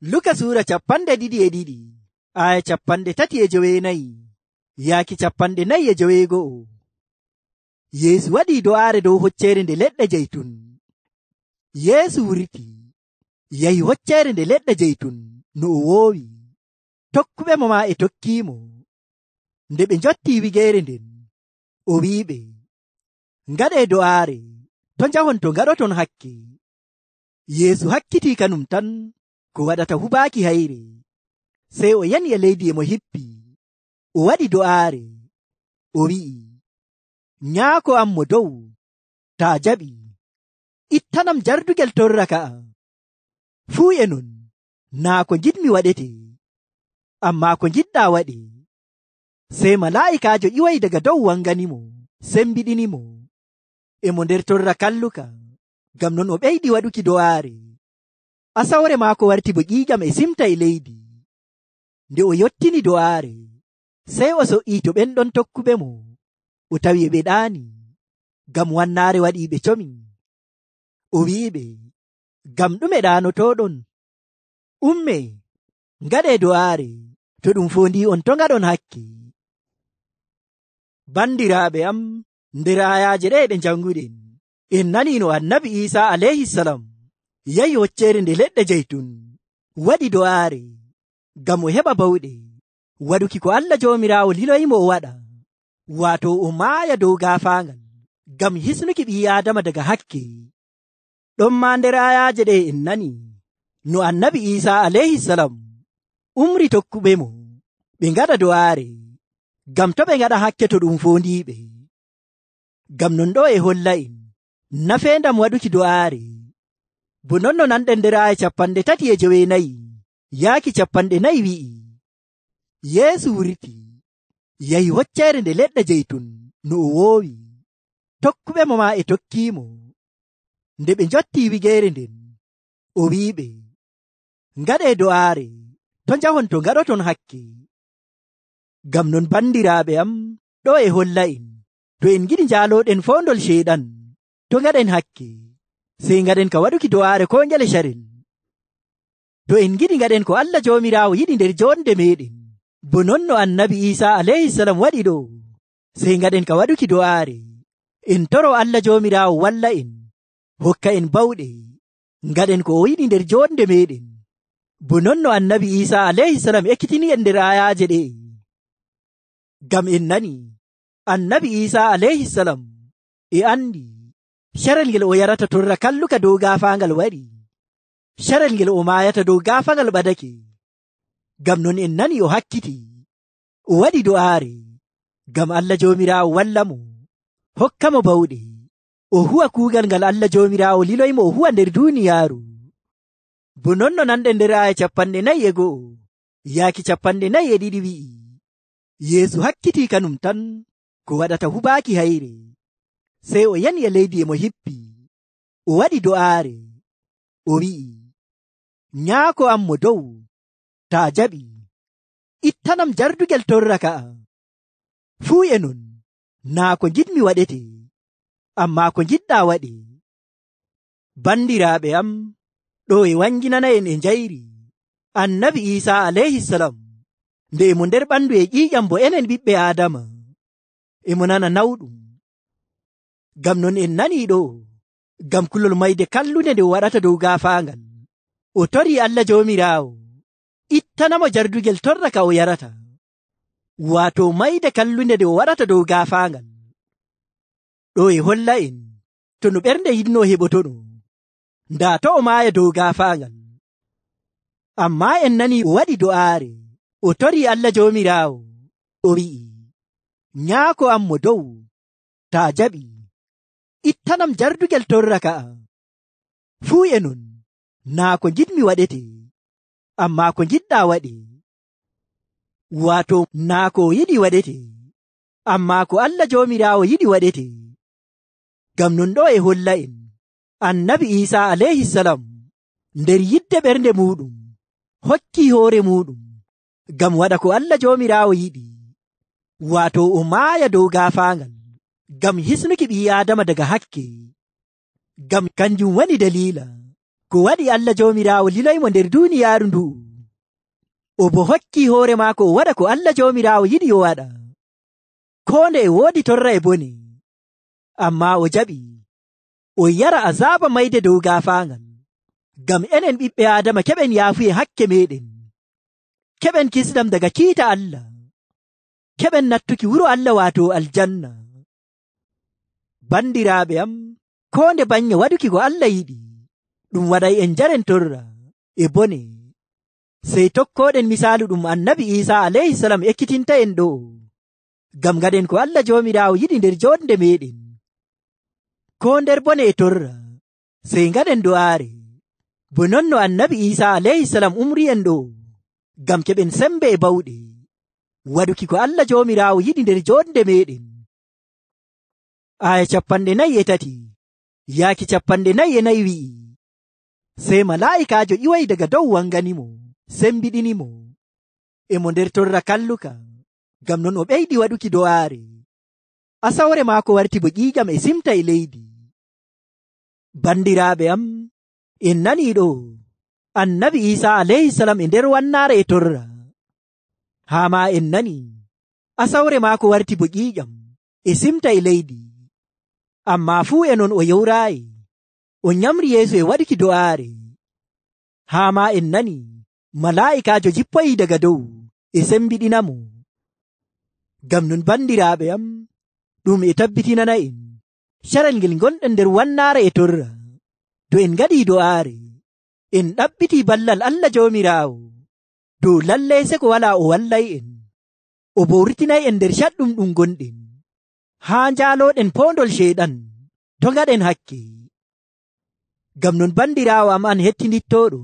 luka sura capanɗe ɗiɗi e ɗiɗi aya capanɗe tati e joweenayi yaaki capanɗe nayi e joweego'o yeesu waɗi do'aare dow hocceere nde leɗɗe jeytun yeesu wuriti yahi hocceere nde leɗɗe jeytun no o woowi tokkuɓe mo maa e tokkiimo nde ɓe njotti wigeere nden o wi'iɓe ngaɗee do'aare to njahon to ngaɗoton hakke yeesu hakkitii kanum tan ko waɗata hubaaki hayre sey o yani e leydi e mo hippi o waɗi do'aare o wi'i nyaako am mo dow taa jaɓi ittanam jardugel torra ka'a fuu e non naa ko njiɗmi waɗete ammaa ko njiɗɗa waɗe sey mala'ikaajo iway daga dow wanganimo sembiɗinimo e mo nder torra kalluka ngam non o ɓeyɗi waɗuki do'aare asawre maako warti bo ƴiƴam e simta e leydi nde o yottini do'aare sey o so'i to ɓen ɗon tokkuɓe mo o tawi e ɓeɗaani ngam wannaare waɗiiɓe comi o wi'iɓe ngam ɗume ɗaanotoɗon umme ngaɗe do'aare to ɗum foondi on to ngaɗon hakke banndiraaɓe am nder ayaaje ɗe e ɓe njannguɗen en nanino annabi iisaa aleyhi salam yahi hoccere nde leɗɗe jeytun waɗi do'aare ngam o heɓa bawɗe waɗuki ko allah jomirawo liloyimo o waɗa wato o maaya dow gafangal ngam hisnuki ɓi yadama daga hakke ɗon ma nder ayaje ɗe en nani no annabi isa alayhisalam umri tokkuɓe mo ɓe ngaɗa do'aare ngam to ɓe ngaɗa hakke to ɗum fondiɓe ngam non ɗo e holla en nafendam waɗuki do'aare bo nonno nanɗe nder aya capanɗe tati e joweenayi yaaki capanɗe nayi wi'i yeesu wuriti yahi hoccere nde leɗɗe jeytun no o woowi tokkuɓe mo maa e tokkiimo nde ɓe jotti wigeere nden o wi'iɓe ngaɗe do'aare to njahon to ngaɗoton hakke ngam non banndiraaɓe am ɗo e holla en to en giɗi njaaloɗen fondol ceeɗan to ngaɗen hakke sei gaɗen ka waɗuki do'aare ko jele sharel to en giɗi gaɗen ko allah jomirawo yiɗi nder jonde meɗen bo non no annabi isa alayhissalam waɗi ɗo sei gaɗen ka waɗuki do'aare en toro allah jomirawo walla en hokka en bawɗe gaɗen ko o yiɗi nder jonde meɗen bo non no annabi isa alayhissalam ekkitini en nder ayaje ɗe gam en nani annabi isa alayhissalam e andi sharel ngel o yarata torra kalluka dow gaafangal waɗi sharel ngel o maayata dow gaafangal ɓadake gam non en nani o hakkiti o waɗi do'aare gam allah jomirawo wallamo hokkamo bawɗe o huwa kuugal ngal allah jomirawo liloymo o huwa nder duniyaaru bo nonno nanɗe nder aya capanɗe nayi e go'o yaaki capanɗe nayi e ɗiɗi wi'i yeesu hakkiti kanum tan ko waɗata hubaaki hayre sey o yani e leydi emo hippi o waɗi do'aare o wi'i nyaako am mo dow taa jaɓi ittanam jardugel torra ka'a fuu e non naa ko njiɗmi waɗete ammaa ko njiɗɗa waɗe banndiraaɓe am ɗo e wanginana en e njayri annabi iisa aleyhisalam nde emo nder ɓanndu e ƴiiƴam bo enen ɓiɓɓe aadama emo nana nawɗum gam non en nani ɗo gam kullol mayde kallunde nde waɗata dow gafangal o tori allah jamirawo ittanamo jardugel torra ka o yarata wato mayde kallunde nde o waɗata dow gafangal ɗo e holla en to no ɓernde yinno heɓotono nda to o maya dow gafangal amma en nani o waɗi do'aare o tori allah jamirawo o wi'i nyaako am mo dow ta jaɓi Ittanam jardugel torra ka'a fuu Fuu'e non naa ko ngiɗmi wadhete ammaa ko ngiɗɗaa waɗe? waato naa koo yiɗi waɗete? ammaa ko Allah joomiraawo yiɗi Ngam non gamnon e holla holla'en annabi isaa alayhi salam nder yidde ɓernde muuɗum hokkii hoore muuɗum ngam waɗa ko allah joomiraawo yiɗi waato o maaya dow gaafaangal gam hisnuki ɓi adama daga hakke gam kanjum wani dalila ko waɗi allah jamirawo liloymo nder duniyaru ndu o bo hokki hoore maako o waɗa ko allah jamirawo yiɗi yo waɗa ko nde e woodi torra e bone amma o jaɓi o yara azaba mayde dow gafangal gam enen ɓiɓɓe adama keɓen yaafuye hakke meɗen keɓen kisɗam daga kiita allah keɓen nattuki wuro allah wato aljanna al bandiraaɓe am ko nde baŋŋe waɗuki ko allah yiɗi ɗum waɗay en jaren torra e bone sey tokkoɗen misaalu ɗum annabi isa alayhisalam ekkitinta en ɗo gam gaɗen ko allah jomirawo yiɗi nder joɗde meɗen ko nder bone e torra sey gaɗen do'aare bo non no annabi isa alayhisalam umri en ɗo gam keɓen sembe e bawɗe waɗuki ko allah jomirawo yiɗi nder joɗde meɗen aya capanɗe nayi e tati yaaki capanɗe nayi e nayi wi'i sey mala'ikaajo iwayi daga dow wanganimo sembiɗinimo e mo nder torra kalluka ngam non o ɓeyɗi waɗuki do'aare asawre maako warti bo ƴiigam e simta e leydi banndiraaɓe am en naniiɗo annabi iisaa aleyhisalam e nder wannaare e torra haa ma en nani asawre maako warti bo ƴiiƴam e simta e leydi amma fuu enon o yewraayi o nyamri yeeso e waɗiki do'aare haa ma en nani mala'ikaajo jippoyi daga dow e sembiɗinamo ngam non banndiraaɓe am ɗum e tabbitinana en caral ngel gonɗen nder wannaara e torra to en ngaɗii do'aare en ɗaɓɓitii ballal allah joomiraawo dow lallayse ko walaa o wallay en o bowrtinay en nder caɗɗum ɗum gonɗen haa njaaloɗen poondol seeɗan to ngaɗen hakke ngam non banndiraawo am aan hettindittooɗo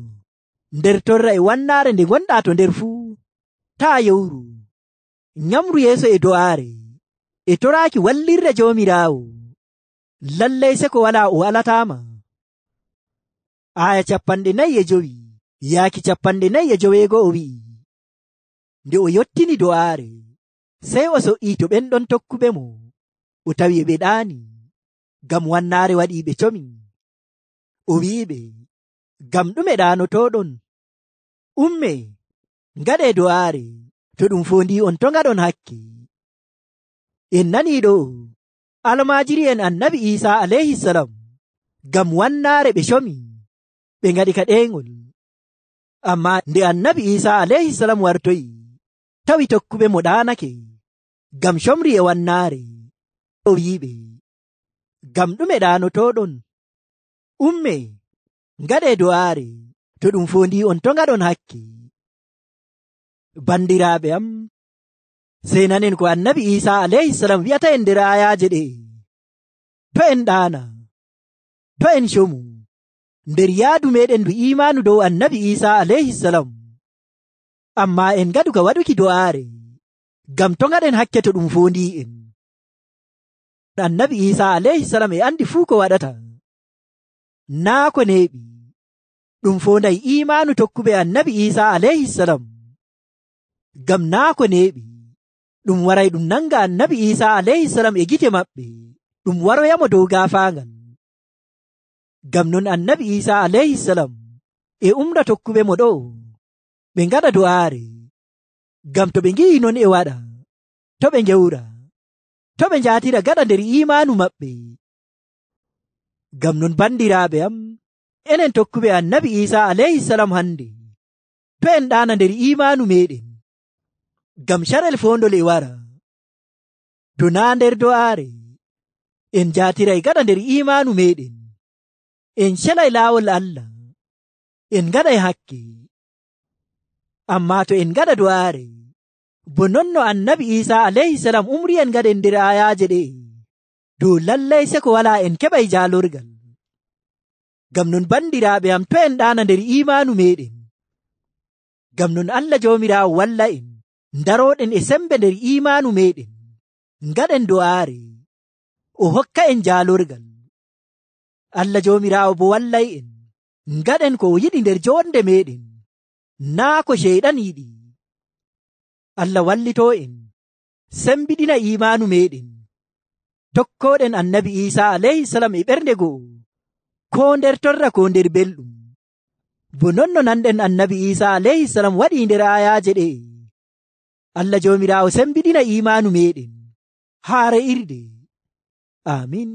nder torra e wannaare nde ngonɗaa to nder fuu taa yowru nyamru yeeso e do'aare e toraaki wallirre joomiraawo lallayse ko walaa o alataama aaya cappanɗe nayi e jowi yaaki cappanɗe nayi e joweego o wi'i nde o yottini do'aare sey o so'ii to ɓenɗon tokkuɓe mo o tawi e ɓe ɗaani ngam wannaare waɗi ɓe comi o wi'iɓe ngam ɗume ɗaanotoɗon umme ngaɗe do'aare to ɗum fondi on togaɗon hakke en naniɗo almajiri en annabi isa alayhisalam ngam wannaare ɓe comi ɓe ngaɗi ka ɗeŋol amma nde annabi isa alayhisalam wartoyi tawi tokkuɓe mo ɗanake ngam comri e wannaare o yiɓe ngam ɗume ɗanotoɗon umme ngaɗe do'aare to ɗum fondi on to ngaɗon hakke bandiraɓe am sei nanen ko annabi isa alayhisalam wi'ata en nder ayaje ɗe fa en ɗana fa en comu nder yaadu meɗen du imanu dow annabi isa alayhisalam amma en ngaɗu ka waɗuki do'aare ngam to ngaɗen hakke to ɗum fondi en annabi isa alayhisalam e andi fuu ko waɗata naa ko neɓi ɗum fondayi imanu tokkuɓe annabi isa alayhisalam gam naa ko neɓi ɗum waray ɗum nanga annabi isa alayhisalam e gite maɓɓe ɗum waroyamo dow gafangal gam non annabi isa alayhisalam e umda tokkuɓe mo ɗo ɓe gaɗa do'aare gam to ɓe gi'i non e waɗa to ɓe gewra to ɓe njatira gaɗa nder imanu maɓɓe gam non bandiraɓe am enen tokkuɓe annabi isa alayhisalam hande to en ɗana nder imanu meɗen gam sharel fondol e wara to na nder do'are en jatirai gaɗa nder imanu meɗen en shelai lawol allah en gaɗa e hakke amma to en gaɗa do'are bo nonno annabi isa alayhisalam umri en ngaɗen nder ayaje ɗe dow lallay seko wala en keɓa e jalorgal gam non bandiraɓe am to en ɗana nder imanu meɗen gam non allah jamirawo walla en daroɗen e sembe nder imanu meɗen ngaɗen do'are o hokka en jalorgal allah jamirawo bo wallay en ngaɗen ko o yiɗi nder jonde meɗen naa ko sheyɗan yiɗi allah wallito en sembiɗina imanu meɗen tokkoɗen annabi isa alayhisalam e ɓernde go'o ko nder torra ko nder belɗum bo nonno nanɗen annabi isa alayhisalam waɗi nder ayaje ɗe allah jomirawo sembiɗina imanu meɗen haare irde amin